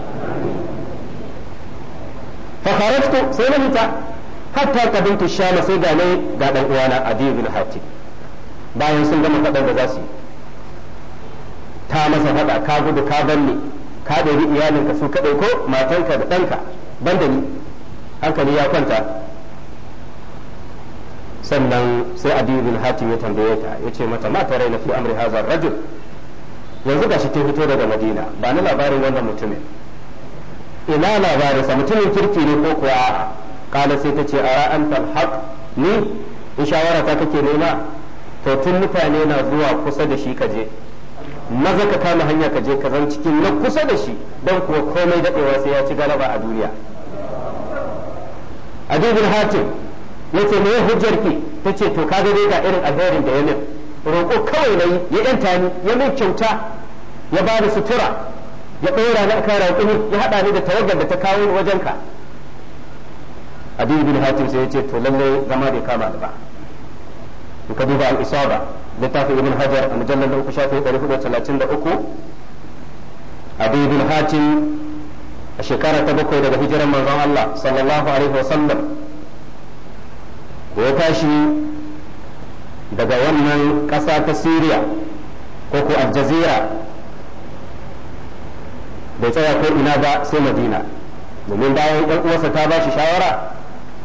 fa kharajtu sai na fita hatta binta shama sai ga ne ga dan uwana Adi bin Hatim bayan sun gama faɗar da za su yi ta masa fada ka gudu ka banne ka ɗari iyalinka su kaɗai ko matanka da ɗanka ban da ni hankali ya kwanta sannan sai adiyu bin hatim ya tambaye ta ya ce mata mata rai na fi amri hazar rajul yanzu ga shi ta fito daga madina ba ni labarin wannan mutumin ina labarin sa mutumin kirki ne ko kuwa kala sai ta ce ara an haq ni in shawara ta kake nema to tun mutane na zuwa kusa da shi kaje maza ka kama hanya kaje ka zan cikin na kusa da shi don kuwa komai daɗewa sai ya ci galaba a duniya adibin hatim yace me hujjar ki ce to kaga dai ga irin alherin da ya min roƙo kawai na yi ya yanta ni ya min kyauta ya ba ni sutura ya ɗora ni akan raƙumi ya haɗa ni da tawagar da ta kawo ni wajenka adiyu bin hatim sai ya ce to lallai zama bai kama ni ba in ka duba al-isaba littafin ibn hajar a mujallar da uku shafi ɗari hudu talatin da uku adiyu bin hatim a shekara ta bakwai daga hijiran manzon allah sallallahu alaihi wa sallam da ya tashi daga wannan ƙasa ta syria ko ko aljazira bai tsaya ko ina ba sai madina domin bayan ɗan uwarsa ta ba shi shawara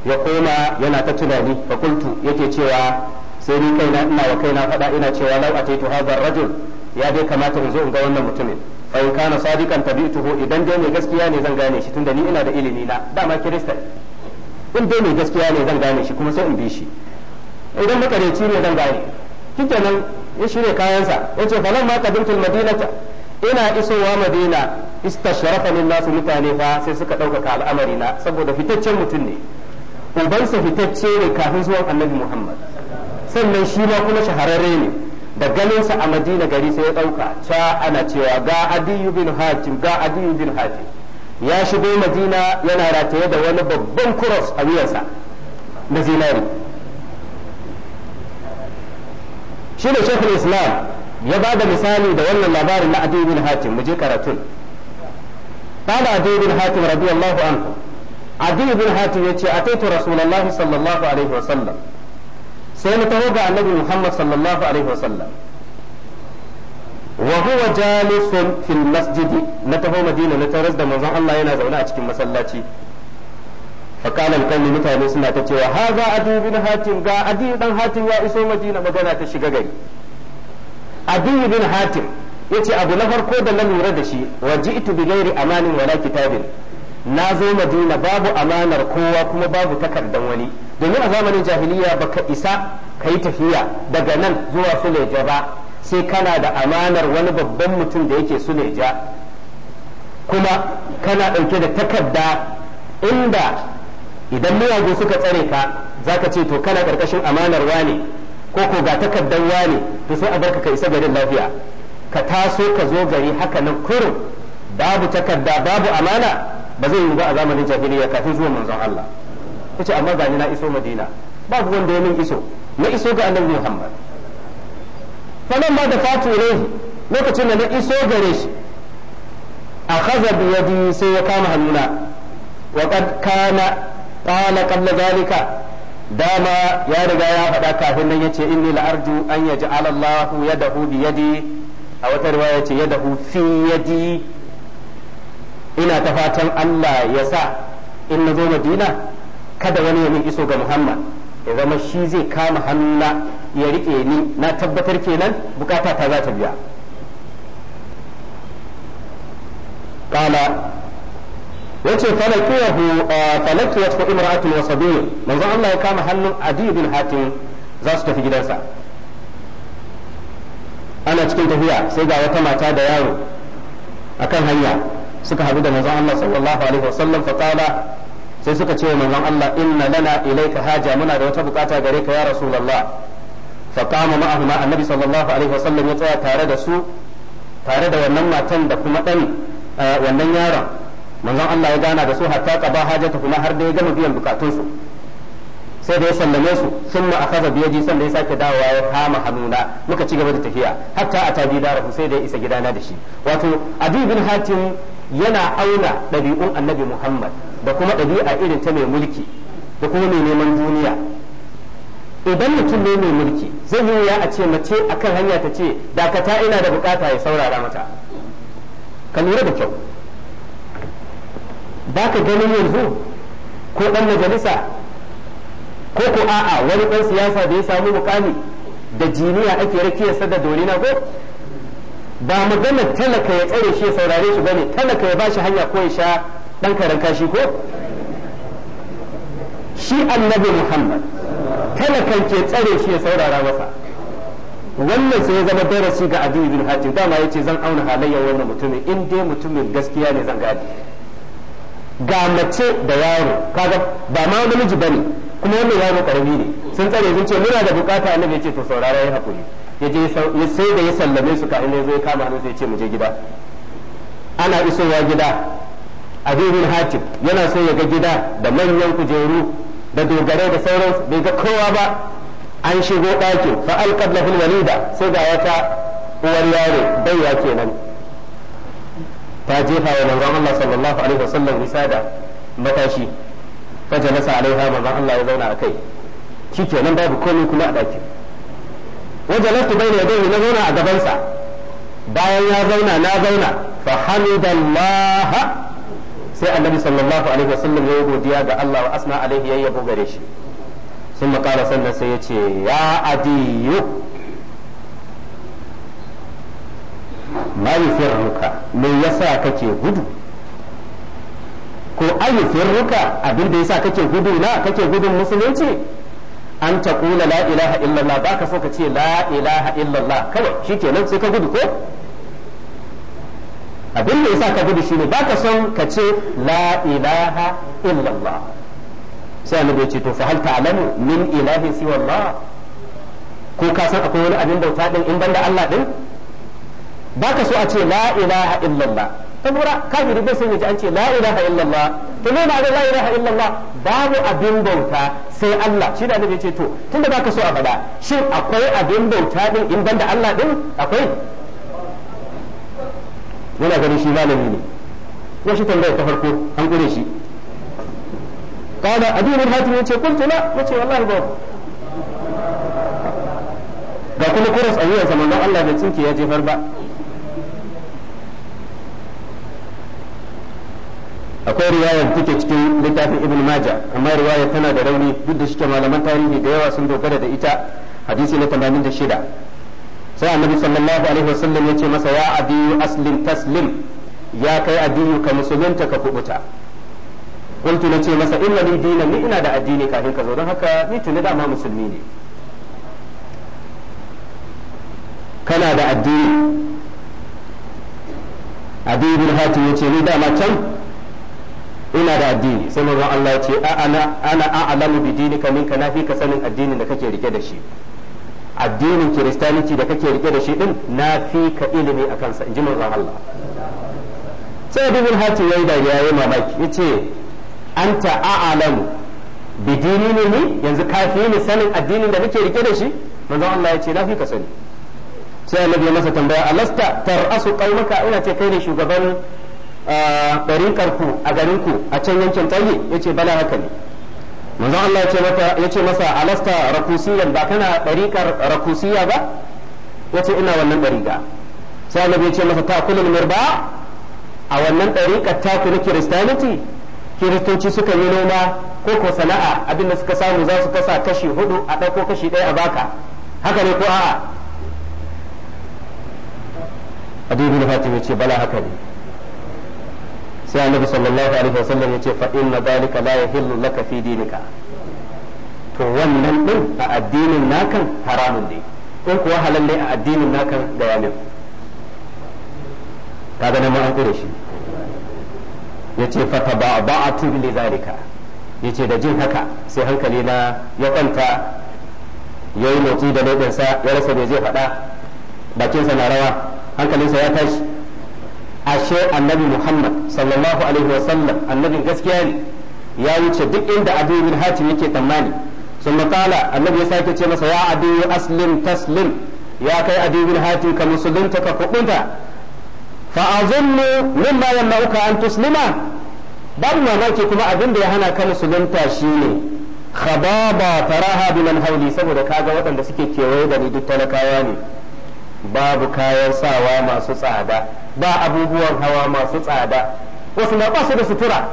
ya koma yana ta tunani fakultu yake cewa sai ni kaina ina wa kaina faɗa ina cewa lau ataitu hadha rajul ya dai kamata in zo in ga wannan mutumin fa in kana sadikan tabi'tuhu idan dai mai gaskiya ne zan gane shi tunda ni ina da ilimi na dama kirista in dai mai gaskiya ne zan gane shi kuma sai in bi shi idan makareci ne zan gane nan ya shirya kayansa ya ce falan ma kadimtul madinata ina isowa madina istashrafa sharafanin nasu mutane fa sai suka ɗaukaka al'amari na saboda fitaccen mutum ne ubansa fitacce ne kafin zuwan annabi muhammad sannan shi ma kuma shahararre ne da ganinsa a madina gari sai ya ɗauka ca ana cewa ga adiyu bin hajim ga adiyu bin hajim ya shigo madina yana rataye da wani babban kuros a wuyarsa na zinari shi ne shafin islam ya ba da misali da wannan labarin na adubin hatim muje karatun bada adubin hatim radiyallahu anhu adubin hatim ya ce a taito rasulallahu sallallahu alaihi wasallam sai na taho ga annabi muhammad sallallahu alaihi wasallam wa huwa jalisun fil masjidi na taho madina na taras da manzon Allah yana zaune a cikin masallaci فقال القوم mutane suna ta cewa haza adu bin hatim ga adi dan hatim ya iso madina magana ta shiga gari adi bin hatim yace abu na farko da na lura da shi waji'tu bi ghairi amanin wala kitabin na madina babu amanar kowa kuma babu takardan wani domin a zamanin jahiliya ka isa kayi tafiya daga nan zuwa suleja ba sai kana da amanar wani babban mutum da yake su ja kuma kana ɗauke da takarda inda idan miyagu suka tsare ka za ka ce to kana ƙarƙashin amanar wane ko ko ga takardar wane to sai a barka ka isa garin lafiya ka taso ka zo gari haka nan kuro babu takarda babu amana ba zai yi ba a zamanin jahiliya kafin zuwa manzon Allah kace amma ga ni na iso Madina babu wanda ya min iso na iso ga Annabi Muhammad falan ba da fatire lokacin da na iso gare shi a kaza biyadi sai ya kama hannuna wa kad kana qala zalika dama ya riga ya faɗa kafin nan yace inni la'arju an yaj'ala Allahu yadahu bi yadi a wata riwaya yace yadahu fi yadi ina ta fatan Allah ya sa in na zo Madina kada wani ya min iso ga Muhammad ya zama shi zai kama hannuna ya riƙe ni na tabbatar kenan bukata ta za ta biya kala yace falakiyahu eh, falakiyat fa imra'atun wa sabiyun manzo Allah ya kama hannun Adi bin Hatim za su tafi gidansa ana cikin tafiya sai ga wata mata da yaro akan hanya suka haɗu da manzo Allah sallallahu alaihi wasallam fa qala sai suka ce wa manzon Allah inna lana ilayka haja muna da wata bukata gare ka ya rasulullah fa qama ma'ahuma annabi sallallahu alaihi wasallam ya tsaya tare da su da wannan matan da kuma dan wannan yaron manzon Allah ya gana da su hatta qaba hajata kuma har da ya gama biyan bukatunsu sai da ya sallame su sun ma akaza biyaji sannan ya sake dawo wa ya hama hannuna muka ci gaba da tafiya hatta a tabi darahu sai da ya isa gidana da shi wato abi hatin yana auna ɗabi'un annabi muhammad da kuma ɗabi'a irin ta mai mulki da kuma mai neman duniya idan mutum ne mai mulki zai yi ya a ce mace akan hanya ta ce dakata ina da bukata ya saurara mata ka lura da kyau ba ka ganin yanzu ko dan majalisa ko ko a'a wani dan siyasa da ya samu mukami da jiniya ake rakiyarsa da dorina ko ba maganar talaka ya tsare shi ya saurare shi ne talaka ya bashi hanya ko ya sha dan karan kashi ko shi annabi Muhammad talakan ke tsare shi ya saurara masa wannan sai ya zama darasi ga Adi bin Hatim dama yace zan auna halayyar wannan mutumin in dai mutumin gaskiya ne zan gadi ga mace da yaro kaga ba ma namiji bane kuma wannan yaro karami ne sun tsare sun ce muna da bukata annabi yace to saurara yayi hakuri yaje sai da ya sallame su ka ina zai kama hannun sai ce mu je gida ana isowa gida Adi Hatim yana so ya ga gida da manyan kujeru da dogarai da sauransu bai ga kowa ba an shigo ɗakin fa alqad lahu walida sai ga wata uwar yaro ya kenan ta jefa wa manzon Allah sallallahu alaihi wasallam risada matashi fa jalasa alaiha manzon Allah ya zauna akai kenan babu komai kuma a ɗakin wajalastu bayna yadayhi na zauna a gabansa bayan ya zauna na zauna fa hamidallaha sai annabi sallallahu alaihi wasallam ya yi godiya ga Allah wa asna alaihi ya yabo gare shi sun makara sannan sai ya ce ya adiyu mai firruka me yasa kake gudu ko firruka abin da yasa kake gudu na kake gudun musulunci an ta kula la ilaha illallah ba so ka ce la ilaha illallah kawai shikenan sai ka gudu ko abin da yasa ka gudu shine baka son ka ce la ilaha illallah sai annabi ya ce to fa hal ta'lamu min ilahi siwa Allah ko ka san akwai wani abin bauta din in banda Allah din baka so a ce la ilaha illallah saboda kafiri bai san yaji an ce la ilaha illallah to me ma'ana la ilaha illallah babu abin bauta sai Allah shi da annabi ya ce to tunda baka so a bada shin akwai abin bauta din in banda Allah din akwai muna ganin shi malami ne ko shi tambayar ta farko an gure shi Kada abin hatimi yace kuntu la yace wallahi ba ga kuma kuras a wuyansa manzon Allah bai tsinke ya jefar ba akwai riwayar take cikin littafin ibn majah amma riwayar tana da rauni duk da shike malaman tarihi da yawa sun dogara da ita hadisi na 86 sai annabi sallallahu alaihi wasallam ya ce masa ya abiyu aslim taslim ya kai addini ka musulunta ka kubuta kuntu na ce masa inna ni dinan ni ina da addini kafin ka zo don haka ni tuni dama musulmi ne kana da addini abiyu bin hatim ya ce ni dama can ina da addini sai manzon Allah ya ce ana ana a'lamu bi dinika minka na fi ka sanin addinin da kake rike da shi addinin kiristaniti da kake rike da shi din na fi ka ilimi a kansa in ji manzon Allah sai bin hati yayi da yayi mamaki yace anta a'lamu bi dinini ni yanzu kafi ni sanin addinin da kake rike da shi manzo Allah yace na fi ka sani sai annabi masa tambaya alasta tar'asu qaumaka ina ce kai ne shugaban ah, ɗariƙar ku a garin ku a can yankin tayi yace bala haka ne manzo Allah ya ce masa alasta rakusiyan ba kana ɗariƙar rakusiya ba yace ina wannan ɗariƙa sai annabi ya ce masa kullu mirba a wannan ɗariƙar ta kullu kiristaniti kiristoci suka yi noma ko ko sana'a abinda suka samu za su kasa kashi hudu a ɗauko kashi ɗaya a baka haka ne ko a'a a dubi na fatima ce bala haka ne sai annabi sallallahu alaihi wasallam yace fa inna dalika la yahillu laka fi dinika to wannan din a addinin nakan haramun ne ko kuwa halal a addinin nakan ga yamin ga nan an kure shi yace fa taba'atu li zalika yace da jin haka sai hankali na ya kwanta yayi motsi da lebensa ya rasa me zai faɗa bakinsa na rawa hankalinsa ya tashi ashe annabi Muhammad sallallahu alaihi wa sallam annabin gaskiya ne ya wuce duk inda Adi Hatim yake tsammani sun annabi ya sake ce masa ya Adi aslim taslim ya kai Adi bin Hatim ka musulunta ka kuɓunta fa azunnu mimma yamna'uka an tuslima babu mamaki kuma abin da ya hana ka musulunta shine khababa taraha biman hauli saboda kaga waɗanda suke kewaye da ni duk talakawa ne babu kayan sawa masu tsada ba abubuwan hawa masu tsada wasu na su da sutura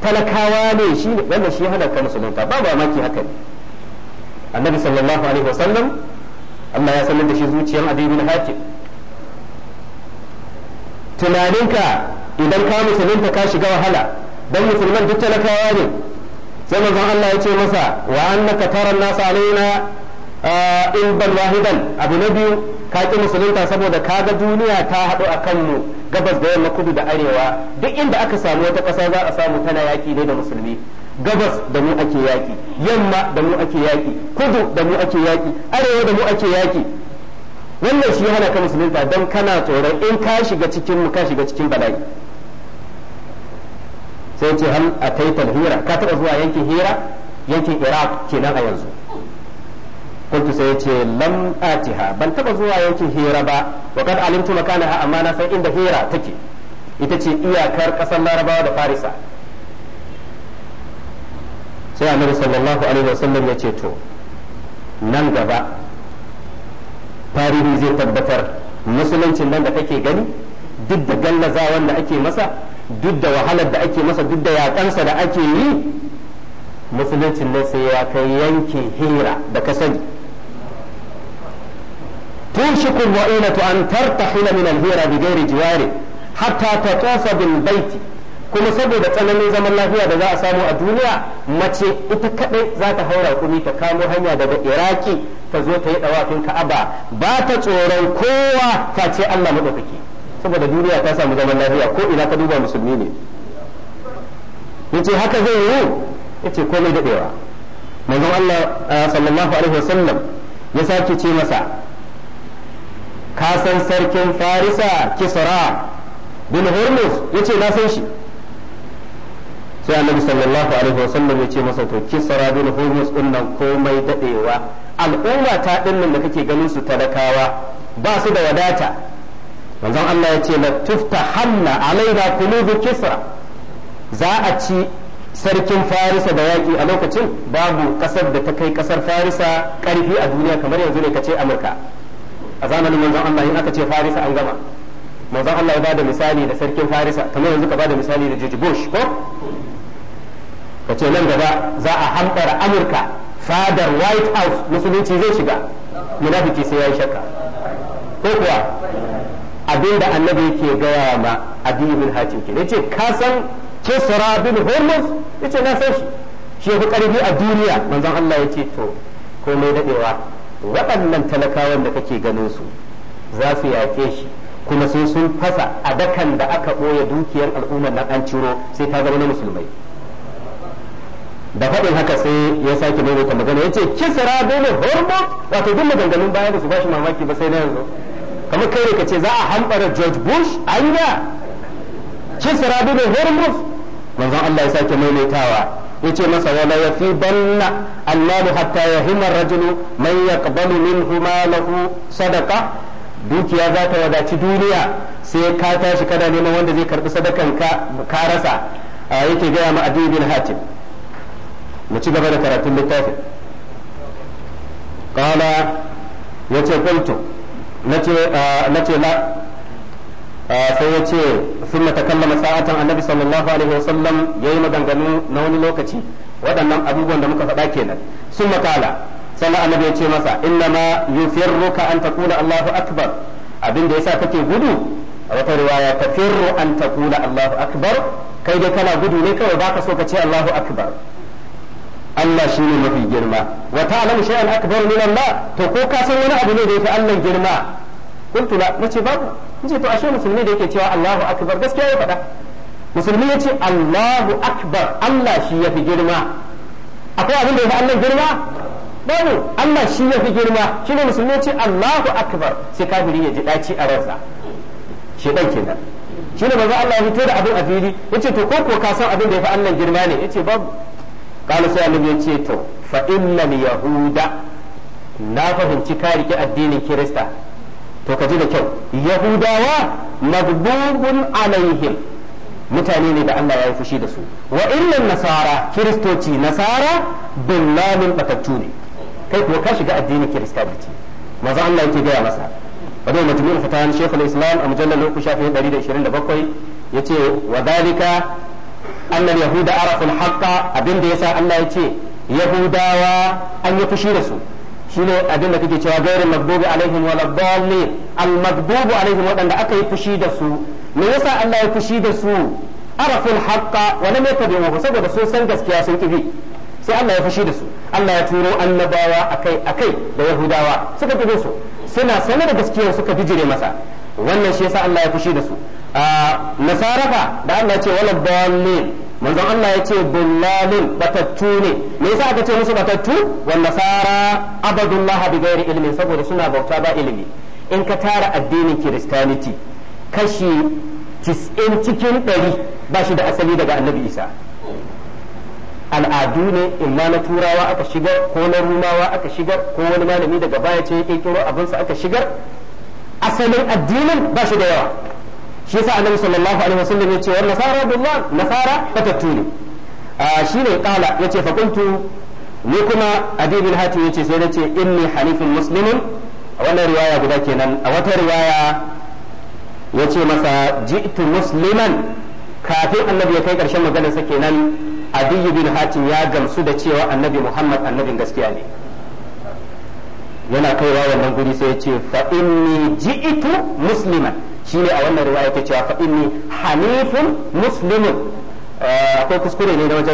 talakawa ne shi ne wanda shi hana ka musulunta ba maki haka ne annabi sallallahu alaihi wasallam Allah ya sanar da shi zuciyar adi bin hatim tunaninka idan ka musulunta ka shiga wahala dan musulman duk talakawa ne sai manzon Allah ya ce masa wa annaka taran nas alaina Eh, in ban wahidan abu na biyu ka ki musulunta saboda ka ga duniya ta haɗu a kanmu gabas da yamma kudu da arewa duk inda aka samu wata ƙasa za a samu tana yaƙi ne da musulmi gabas da mu ake yaƙi yamma da mu ake yaƙi kudu da mu ake yaƙi arewa da mu ake yaƙi wannan shi hana ka musulunta don kana tsoron in ka shiga cikin mu ka shiga cikin bala'i sai ce hal a taitar hira ka taɓa zuwa yankin hira yankin iraq kenan a yanzu kuntu ya ce lam ban taba zuwa yankin hira ba wa kad alimtu makanaha amma na san inda hira take ita ce iyakar ƙasar larabawa da farisa sai annabi sallallahu alaihi wasallam ya ce to nan gaba tarihi zai tabbatar musuluncin nan da kake gani duk da gallazawan da ake masa duk da wahalar da ake masa duk da yakansa da ake yi musuluncin nan sai ya kai yankin hira da ka sani توشك الظئينة أن ترتحل من الهيرة بغير جوار حتى تطوف بالبيت kuma saboda tsananin zaman lafiya da za a samu a duniya mace ita kadai zata ta haura ta kamo hanya da iraki ta zo ta yi dawafin ka'aba ba ta tsoron kowa ta ce allah maɗaukaki saboda duniya ta samu zaman lafiya ko ina ka duba musulmi ne yace haka zai yi yace komai dadewa manzon allah sallallahu alaihi wasallam ya sake ce masa ka san sarkin farisa kisra bin hormuz ya ce na san shi sai annabi sallallahu alaihi wasallam ya ce masa to kisra bin hormuz nan komai dadewa al'umma ta dinnan da kake ganin su talakawa ba su da wadata manzon Allah ya ce la tuftahanna alaina qulubu kisra za a ci sarkin farisa da yaƙi a lokacin babu ƙasar da ta kai ƙasar farisa ƙarfi a duniya kamar yanzu ne ka ce amurka a zamanin manzon Allah in aka ce farisa an gama manzon Allah ya bada misali da sarkin farisa kamar yanzu ka da misali da George Bush ko ka ce nan gaba za a hamɓara Amurka fadar White House musulunci zai shiga munafiki sai ya yi shakka ko kuwa abinda annabi yake gaya ma addini bin Hatim ke ce ka san Kisra bin Hormuz yace na san shi shi ya fi karfi a duniya manzon Allah yace to komai daɗewa. waɗannan talakawan da kake ganin su za su yaƙe shi kuma sai sun fasa a dakan da aka ɓoye dukiyar al'ummar nan an ciro sai ta zama na musulmai da faɗin haka sai ya sake maimaita magana ya ce kisra dole hormon wato duk maganganun baya da su bashi mamaki ba sai na yanzu kamar kai ne ka ce za a hambara george bush an ga kisra dole hormon manzon allah ya sake maimaitawa yace masa wala yasibanna allahu hatta yahima rajulu man yaqbalu minhu malahu sadaqa dukiya za ta wadaci duniya sai ka tashi kana neman wanda zai karbi sadakan ka rasa yake gaya ma adi bin hatim mu ci gaba da karatun littafin qala yace qultu nace ah, nace la sai ya ce sun matakallama sa'atan annabi sallallahu alaihi wasallam ya yi maganganu na wani lokaci waɗannan abubuwan da muka faɗa kenan sun makala sannan annabi ya ce masa inna ma ka an taqula Allahu akbar abin da yasa kake gudu a wata riwaya tafirru an taqula Allahu akbar kai dai kana gudu ne kawai baka so ka ce Allahu akbar Allah shi ne mafi girma wa ta'lamu shay'an akbar min Allah to ko ka san wani abu ne da yafi Allah girma qultu la nace babu ce to ashe musulmi da yake cewa Allahu akbar gaskiya ya faɗa musulmi ce Allahu akbar Allah shi ya fi girma akwai abin da ya fi Allah girma babu Allah shi ya fi girma shine musulmi yace Allahu akbar sai kafiri ya ji daci a ransa shedan kenan shine manzo Allah ya fito da abin a fili ce to ko ko ka san abin da ya fi Allah girma ne ya ce babu قال sai allah ya ce to fa innal yahuda na fahimci ka rike addinin kirista to ka ji da kyau yahudawa maghdubun alaihim mutane ne da Allah ya yi fushi da su wa illan nasara kiristoci nasara billamin batattu ne kai kuwa ka shiga addinin kiristanci maza Allah yake gaya masa wadai majmu'ul fatan shaykhul islam a mujallar uku shafi 127 yace wa dalika annal yahuda arafin al-haqqa abinda sa Allah ya ce yahudawa an yi fushi da su shine abin da kake cewa gairin magdubi alaihim wal dallin al magdubu alaihim wadanda aka yi fushi da su me yasa Allah ya fushi da su araful haqqa wa lam yattabi'uhu saboda sun san gaskiya sun kibi sai Allah ya fushi da su Allah ya turo annabawa akai akai da yahudawa suka bi su suna sanar da gaskiyar suka bijire masa wannan shi yasa Allah ya fushi da su ah, nasarafa da Allah ya ce wal dallin manzon Allah ya ce bullalun batattu ne me yasa aka ce musu batattu wan nasara abadullah bi ghairi ilmin saboda suna bauta ba ilimi in ka tara addinin kiristaniti kashi 90 cikin 100 ba shi da asali daga annabi isa al'adu ne imma na turawa aka shigar ko na rumawa aka shigar ko wani malami daga baya ce ya kirkiro abinsa aka shigar asalin addinin ba shi da yawa shi yasa annabi sallallahu alaihi wasallam ya ce wa nasara billah nasara fatattu ne ne kala yace fa kuntu ni kuma abi bin ya ce sai ce inni hanifin muslimin a wannan riwaya guda kenan a wata riwaya ya ce masa ji'tu musliman kafin annabi ya kai karshen maganarsa kenan abi bin hatim ya gamsu da cewa annabi muhammad annabin gaskiya ne yana kaiwa wannan guri sai ya ce fa inni ji'tu musliman shine a wannan riwaya yake cewa fa inni hanifun muslimun eh, akwai kuskure ne da wajen